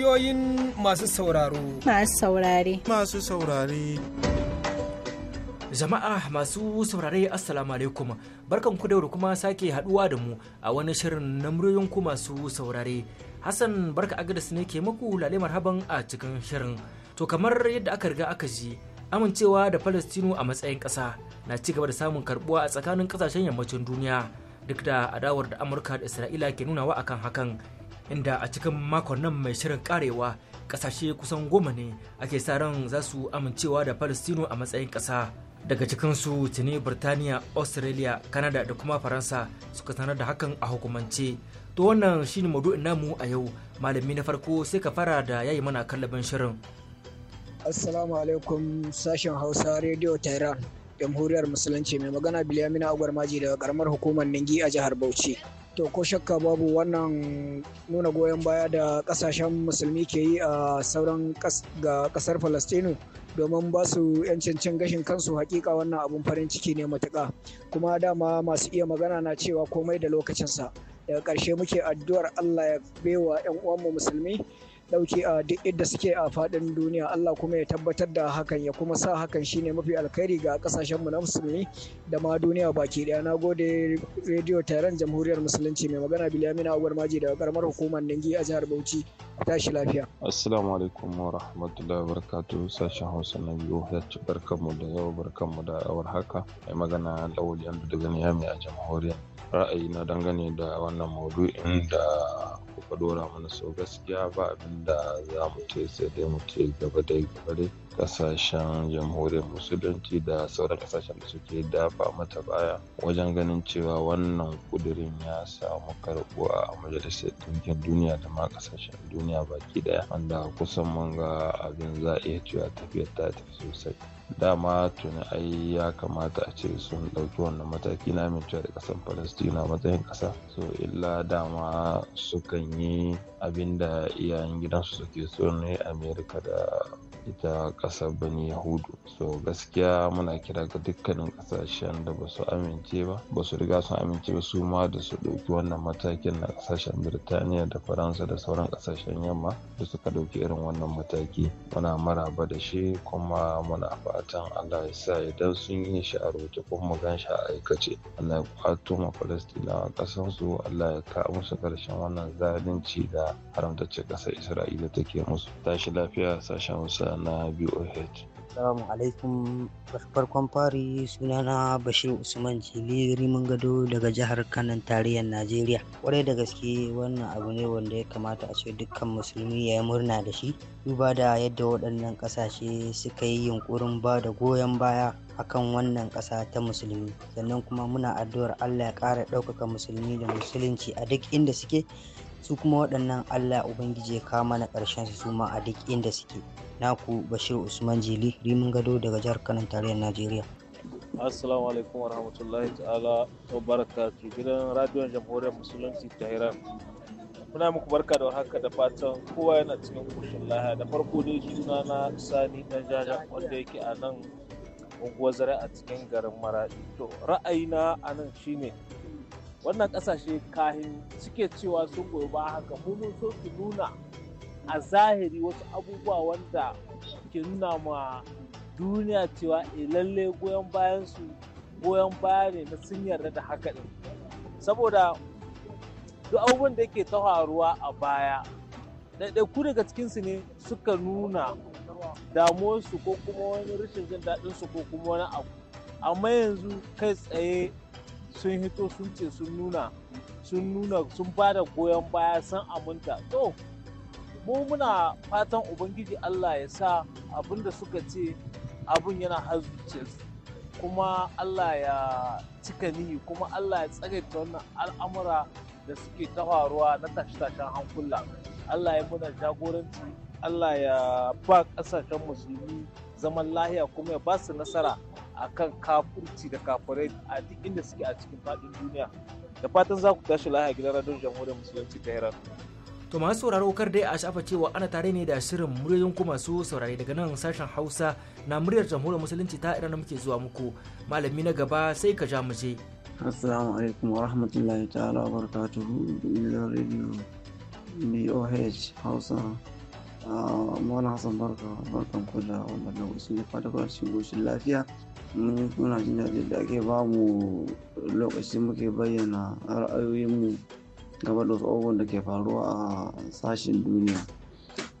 Speaker 5: Muryoyin masu sauraro. Masu saurare. Masu saurare. Jama'a
Speaker 6: masu saurare Assalamu alaikum barkan ku da kuma sake haduwa da mu a wani shirin na muryoyin ku masu saurare. Hassan barka agadis ne ke muku lale marhaban a cikin shirin. To kamar yadda aka riga aka ji amincewa da Falastinu a matsayin ƙasa na ci gaba da samun karbuwa a tsakanin ƙasashen yammacin duniya duk da adawar da Amurka da Isra'ila ke nunawa akan hakan. inda a cikin makon nan mai shirin karewa kasashe kusan goma ne ake sa ran za su amincewa da palestino a matsayin ƙasa daga cikinsu tuni birtaniya australia canada da kuma faransa suka sanar da hakan a hukumance to wannan shine maudu'in namu a yau malami na farko sai ka fara da yayi mana kallabin shirin
Speaker 5: assalamu alaikum sashen hausa radio tehran jamhuriyar musulunci mai magana biliyamina agwar maji daga karamar hukumar ningi a jihar bauchi to ko shakka babu wannan nuna goyon baya da kasashen musulmi ke yi a sauran ga kasar falastinu domin ba su yancin cin gashin kansu hakika wannan abun farin ciki ne matuka. kuma dama masu iya magana na cewa komai da lokacinsa daga ƙarshe muke addu'ar allah ya baiwa 'yan uwanmu musulmi dauke a duk inda suke a fadin duniya Allah kuma ya tabbatar da hakan ya kuma sa hakan shine mafi alkhairi ga kasashen mu na musulmi da ma duniya baki daya na gode rediyo taron jamhuriyar musulunci mai magana bilamina agwar maji daga karamar hukumar dangi a jihar bauchi tashi lafiya
Speaker 7: assalamu alaikum wa rahmatullahi wa barakatuh sashen hausa na biyu ci barkanmu da yau barkanmu da awar haka mai magana lawali yanda daga niyami a jamhuriyar ra'ayi na dangane da wannan maudu'in da kuka dora mana so gaskiya ba abin da za mu ce sai dai mu ce gaba dai gaba dai kasashen jamhuriyar musulunci da sauran kasashen da suke dafa mata baya wajen ganin cewa wannan kudirin ya samu karbuwa a majalisar dinkin duniya da ma kasashen duniya baki daya wanda kusan mun abin za a iya cewa tafiyar ta tafi sosai dama tuni ai ya kamata a ce sun ɗauki wannan mataki na amincewa da ƙasar palestina matsayin ƙasa so illa dama sukan yi abinda da iyayen gidansu suke so ne amerika da ita ƙasar bani yahudu so gaskiya muna kira ga dukkanin ƙasashen da ba su amince ba ba su riga sun amince ba su ma da su ɗauki wannan matakin na ƙasashen birtaniya da faransa da sauran ƙasashen yamma da suka ɗauki irin wannan mataki muna maraba da shi kuma muna fatan allah ya sa idan sun yi shi a rubuce kuma mu gan shi a aikace allah ya kwato ma falastinawa su allah ya kawo musu ƙarshen wannan zalunci da haramtacce ƙasar isra'ila take musu tashi lafiya sashen musa na BOH.
Speaker 8: Assalamu alaikum farkon fari sunana Bashir Usman jiliri Rimin Gado daga jihar kanan tarayyar Najeriya. Kwarai da gaske wannan abu ne wanda ya kamata a ce dukkan musulmi ya yi murna da shi. Duba da yadda waɗannan ƙasashe suka yi yunkurin ba da goyon baya akan wannan ƙasa ta musulmi sannan kuma muna addu'ar Allah ya ƙara ɗaukaka musulmi da musulunci a duk inda suke su kuma waɗannan Allah Ubangiji ya kama na ƙarshen su suma a duk inda suke. naku bashir usman jili rimin gado daga jihar kanan tarayyar najeriya
Speaker 9: assalamu alaikum warahmatullahi ta'ala wa ke gidan radiyon jamhuriyar musulunci ta iran muna muku barka da haka da fatan kowa yana cikin kushin lahiya da farko dai shi na sani dan jaja wanda yake a nan unguwar zare a cikin garin maradi to ra'ayina a nan shine wannan kasashe kahin suke cewa sun goyi ba haka mu mun so su nuna a zahiri wasu abubuwa wanda ke nuna ma duniya cewa eh, lalle goyon bayan su goyon baya ne na sun yarda da haka din saboda duk abubuwan da yake ta a baya ɗaiɗaiku daga cikinsu ne suka nuna damuwarsu ko kuma wani rashin jin daɗinsu ko kuma wani abu amma yanzu kai tsaye sun hito sun ce sun nuna sun nuna sun ba goyon baya san aminta to mu muna fatan ubangiji allah ya sa abin da suka ce abin yana har su kuma allah ya cika nihi kuma allah ya ta wannan al'amura da suke ta faruwa na tashe-tashen hankula allah ya muna jagoranci allah ya ba ƙasashen musulmi zaman lahiya kuma ya ba su nasara kan kafurci da kafurai a duk inda suke a cikin faɗin duniya da fatan za ku tashi lahiya gidan radon jamhuriyar musulunci ta
Speaker 6: To masu sauraro kar dai a shafa cewa ana tare ne da shirin muryoyin ku masu saurare daga nan sashen Hausa na muryar jamhuriyar musulunci ta Iran muke zuwa muku. Malami na gaba sai ka ja mu je.
Speaker 10: Assalamu alaikum wa rahmatullahi ta'ala wa barakatuhu gidan radio BOH Hausa. Ah, Mawana Hassan barka barkan ku da wannan wasu ne fata kuna cikin goshin lafiya. Mun kuna jin daɗi da ake bamu lokacin muke bayyana ra'ayoyinmu game da wasu da ke faruwa a sashen duniya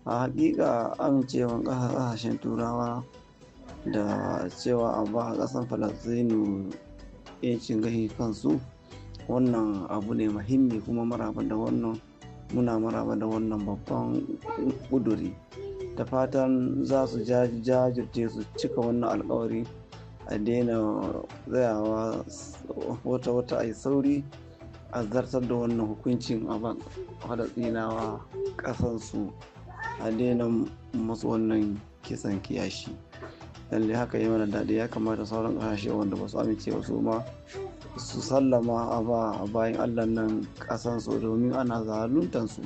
Speaker 10: a hakika amincewan kasashen turawa da cewa a ba kasan falastinu yancin gashi kansu wannan abu ne muhimmi kuma maraba da wannan muna maraba da wannan babban kuduri da fatan za su jajirce su cika wannan alkawari a daina tsayawa wata-wata a yi sauri a zartar da wannan hukuncin a ban tsinawa ƙasansu a daina masu wannan kisan kiyashi lalle haka yi mana daɗi ya kamata sauran ƙasashe wanda ba su amince wasu ma su sallama a ba bayan allah nan ƙasansu domin ana zaluntansu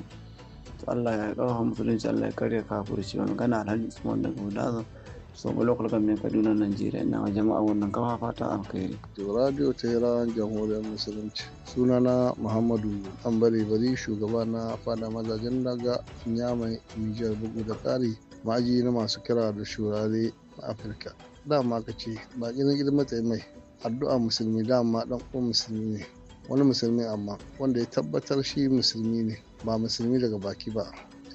Speaker 10: Allah ya ƙarfa musulunci Allah ya karya kafurci wani gana alhaji Usman daga Hudaza Sobo mai faɗi Kaduna Najeriya ina wa jama'a wannan kafa fata alkhairi. To Radio Tehran Jamhuriyar Musulunci. Sunana Muhammadu Ambali
Speaker 11: Bari shugaba na fada mazajen daga Nyamai Nijar bugu da ƙari ma'aji na masu kira da shurare a Afirka. Dama ka ce baƙi na girma mai addu'a musulmi dama dan uwan musulmi ne wani musulmi amma wanda ya tabbatar shi musulmi ne ba musulmi daga baki ba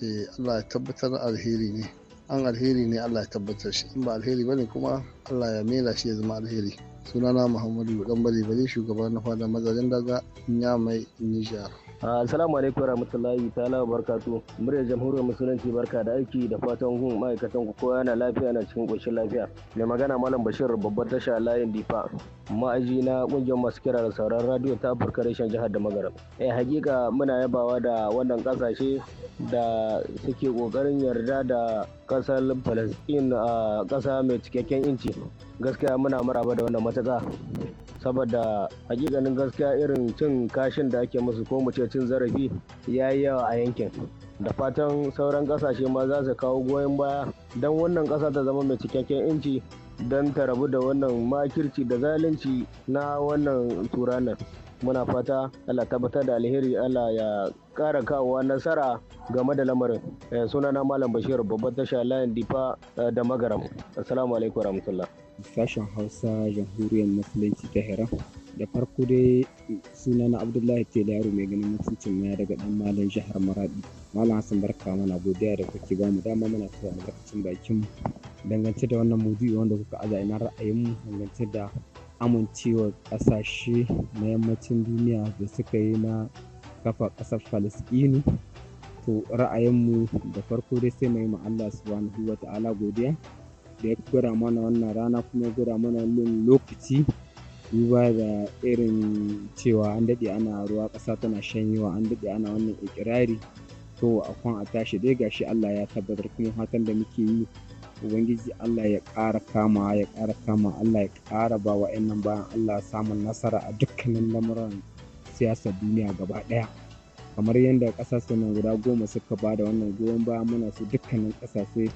Speaker 11: eh Allah ya tabbatar alheri ne an alheri ne Allah ya tabbatar shi in ba alheri bane kuma Allah ya mela shi ya zama alheri sunana Muhammadu dan bari bari shugaban na fada mazajen daga nya mai Nijar
Speaker 8: ah, Assalamu alaikum warahmatullahi ta'ala barkatu muryar jamhuriyar musulunci barka da aiki da fatan hun ma'aikatan ku kowa yana lafiya na cikin koshin lafiya mai magana malam Bashir babbar tasha layin Difa ma'aji na kungiyar masu kira da sauran radio ta Afirka reshen jihar da Magaram. e eh, hakika muna yabawa da wannan kasashe da suke kokarin yarda da kasar Palestine a kasa mai cikakken inci. Gaskiya muna maraba da wannan mataka. saboda hakikanin gaskiya irin cin kashin da ake musu ko mu ce cin zarafi ya yi yawa a yankin da fatan sauran kasashe ma za su kawo goyon baya don wannan kasa ta zama mai cikakken inci don ta rabu da wannan makirci da zalunci na wannan turanar muna fata allah tabbatar da alheri allah ya kara kawo nasara game da lamarin eh, sunana malam bashir babban tasha layin difa eh, da magaram assalamu alaikum warahmatullah
Speaker 5: sashen hausa jamhuriyar musulunci ta hira da farko dai sunana abdullahi yaro mai ganin mutuncin maya daga dan malam jihar maradi malam hassan barka mana godiya da kake ba mu dama muna so albarkacin bakin mu. dangance da wannan maudu'i wanda kuka aza ina ra'ayin dangance da amincewar ƙasashe na yammacin duniya da suka yi na kafa kasar Falasɗinu. To ra'ayinmu da farko dai sai mai yi su Allah na huwa ta'ala godiya da ya gura mana wannan rana kuma ya gura mana wannan lokaci duba da irin cewa an daɗe ana ruwa ƙasa tana shanyewa an daɗe ana wannan ikirari to a kwan a tashi dai gashi Allah ya tabbatar kuma fatan da muke yi ubangiji Allah ya ƙara kama ya ƙara kama Allah ya ƙara ba wa nan bayan Allah samun nasara a dukkanin lamuran siyasar duniya gaba ɗaya kamar yadda ƙasashe nan guda goma suka ba da wannan goyon baya muna su dukkanin ƙasashe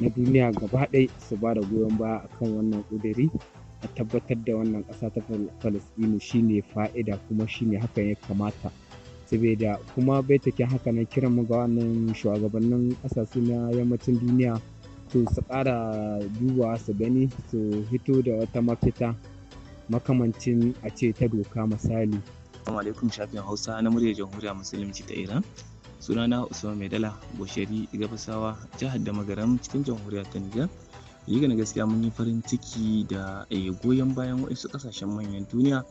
Speaker 5: na duniya gaba ɗaya su ba da goyon baya akan wannan ƙuduri a tabbatar da wannan ƙasa ta Falasɗinu shine fa'ida kuma shine hakan ya kamata saboda kuma bai take haka na kiran mu ga wannan shugabannin ƙasashe na yammacin duniya to su ƙara dubawa su gani su hito da wata mafita makamancin a ce ta doka misali.
Speaker 12: Assalamu alaikum shafin Hausa na murya Jamhuriyar Musulunci ta Iran. Sunana Usman Maidala Boshari Gabasawa jihar da magaram cikin jamhuriyar ta Nijar. Yi na gaskiya mun yi farin ciki da eh, goyon bayan waɗansu kasashen manyan duniya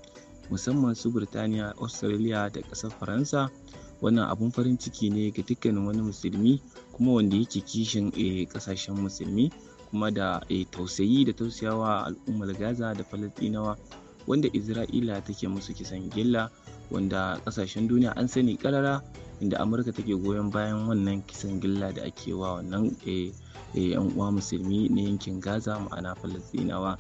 Speaker 12: musamman su Birtaniya, Australia da kasar Faransa wannan abun farin ciki ne ga dukkanin wani musulmi kuma wanda yake kishin e, eh, kasashen musulmi kuma da eh, tausayi da tausayawa al'ummar gaza da falastinawa wanda isra'ila take musu kisan gilla wanda ƙasashen duniya an sani karara inda amurka take goyon bayan wannan kisan gilla da ake wa wannan yan eh, uwa musulmi na yankin gaza ma'ana falastinawa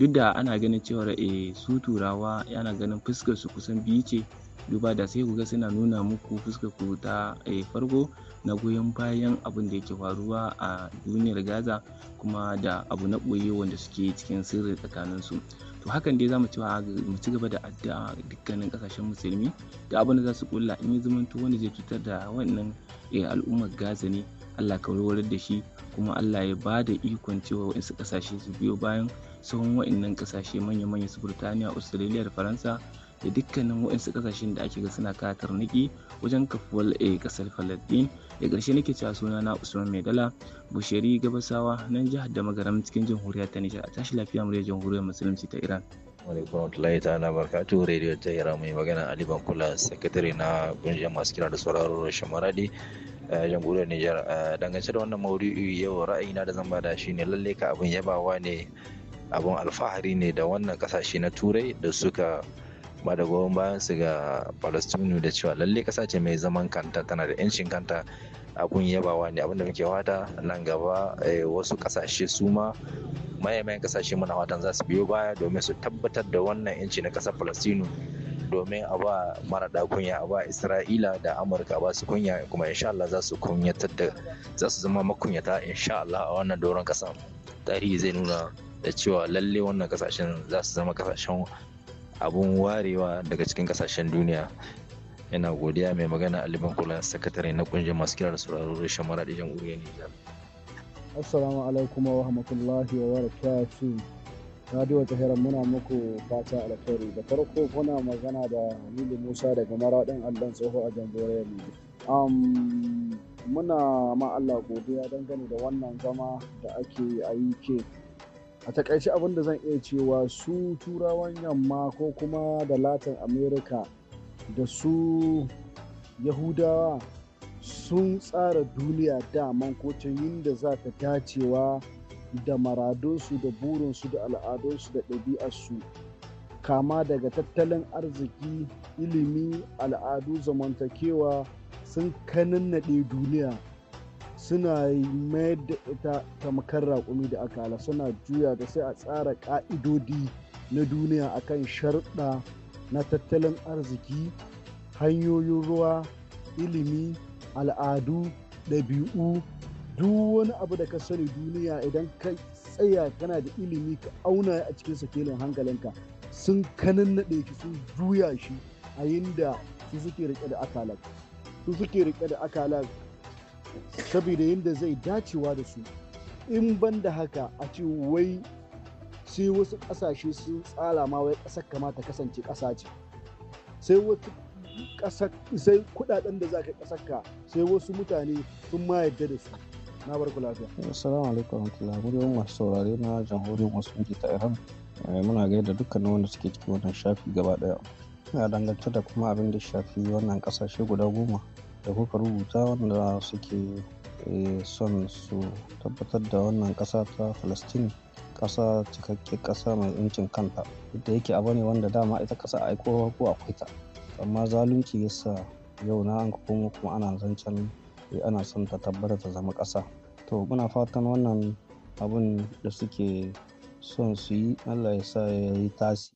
Speaker 12: duk da ana ganin cewar e, su turawa yana ganin fuskar su kusan biyu ce duba da sai ku suna nuna muku fuskar ku ta eh, farko na goyon bayan abin da yake faruwa a duniyar gaza kuma da abu na ɓoye wanda suke cikin sirri tsakanin su to hakan dai za mu ci mu ci gaba da addu'a dukkanin kasashen musulmi da abin da za su kulla in ya zamanto wanda zai cutar da wannan eh, al'ummar gaza ne allah ka warwarar da shi kuma allah ya ba da ikon cewa waɗansu kasashe su biyo bayan tsohon waɗannan kasashe manya-manya su burtaniya australia da faransa da dukkanin waɗansu kasashen da ake ga suna katar niki wajen kafuwar a eh, ƙasar falastin da ƙarshe nake cewa suna na usman maidala bushari gabasawa nan jihar da magaram cikin jamhuriyar ta nijar a tashi lafiya muryar jamhuriyar musulunci ta iran
Speaker 13: alaikum warahmatullahi ta'ala barkatu radio ta hira mai magana ali kula sakatare na kungiyar masu kira da sauraron shamaradi a eh, jamhuriyar nijar eh, dangance da wannan maudu'i yau ra'ayi na da zan bada shine lalle ka abin yabawa ne abin alfahari ne da wannan kasashe na turai da suka ba da goyon bayan su ga palestinu da cewa lalle kasa ce mai zaman kanta tana da yancin kanta abun yabawa ne abinda muke wata nan gaba eh, wasu kasashe su ma mayan kasashe muna watan za su biyo baya domin su tabbatar da wannan yanci na kasar palestinu domin a ba da kunya a ba isra'ila da amurka ba su kunya kuma insha Allah za su kunyatar da za su zama makunyata insha Allah a wannan doron kasan tarihi zai nuna da cewa lalle wannan kasashen za su zama kasashen abun warewa daga cikin kasashen duniya yana godiya mai magana aliban kula sakatare na kungiyar masu kira da sauraro rashin maraɗi jamhuriyar nijar
Speaker 11: assalamu alaikum wa rahmatullahi wa barakatuh radio ta hera muna muku fata alkhairi da farko kuna magana da nili musa daga maraɗin allon tsoho a jamhuriyar nijar muna ma allah godiya dangane da wannan zama da ake a yi a takaice abin da zan iya cewa su turawan yamma ko kuma da latin america da su yahudawa sun tsara duniya daman ko yin da za ta dacewa da maradunsu da burinsu da al'adunsu da ɗabi'arsu kama daga tattalin arziki ilimi al'adu zamantakewa sun kanin duniya suna mayar da ita tamkar raƙumi da akala suna juya ta sai a tsara ƙa'idodi na duniya a kan sharɗa na tattalin arziki hanyoyin ruwa ilimi al'adu ɗabi'u duk wani abu da ka sani duniya idan ka tsaya kana da ilimi ka auna a cikin sakelin hankalinka sun kanin naɗe ki sun juya shi a yinda su suke da akala su suke rike da akala saboda yadda zai dacewa da su in ban da haka a ce wai sai wasu ƙasashe sun tsala ma wai ƙasar kamata kasance ƙasa ce sai wata sai kuɗaɗen da za ka ƙasar ka sai wasu mutane sun ma yarda da su na ku lafiya
Speaker 5: assalamu alaikum Wa wabarakatuh masu saurare na jamhuriyar musulunci ta iran eh, muna gaida dukkanin wanda suke cikin wannan shafi gaba daya ina dangantar da kuma abin da shafi wannan ƙasashe guda goma da kuka rubuta wanda suke eh, son su tabbatar da wannan ƙasa ta Falastin ƙasa cikakke ƙasa mai incin kanta da yake abu ne wanda dama ita ƙasa a ko akwai ta amma zalunci yasa yau na an kuma kuma ana zancen eh, ana son ta tabbatar ta zama ƙasa to muna fatan wannan abun da suke son su yi allah ya sa ya yi tasi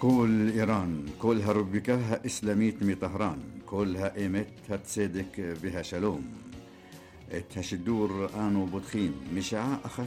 Speaker 14: كل إيران كلها ربكها إسلاميت مي طهران كلها إيمت هتصدق بها شلوم الدور آنو بطخيم مشاع أخت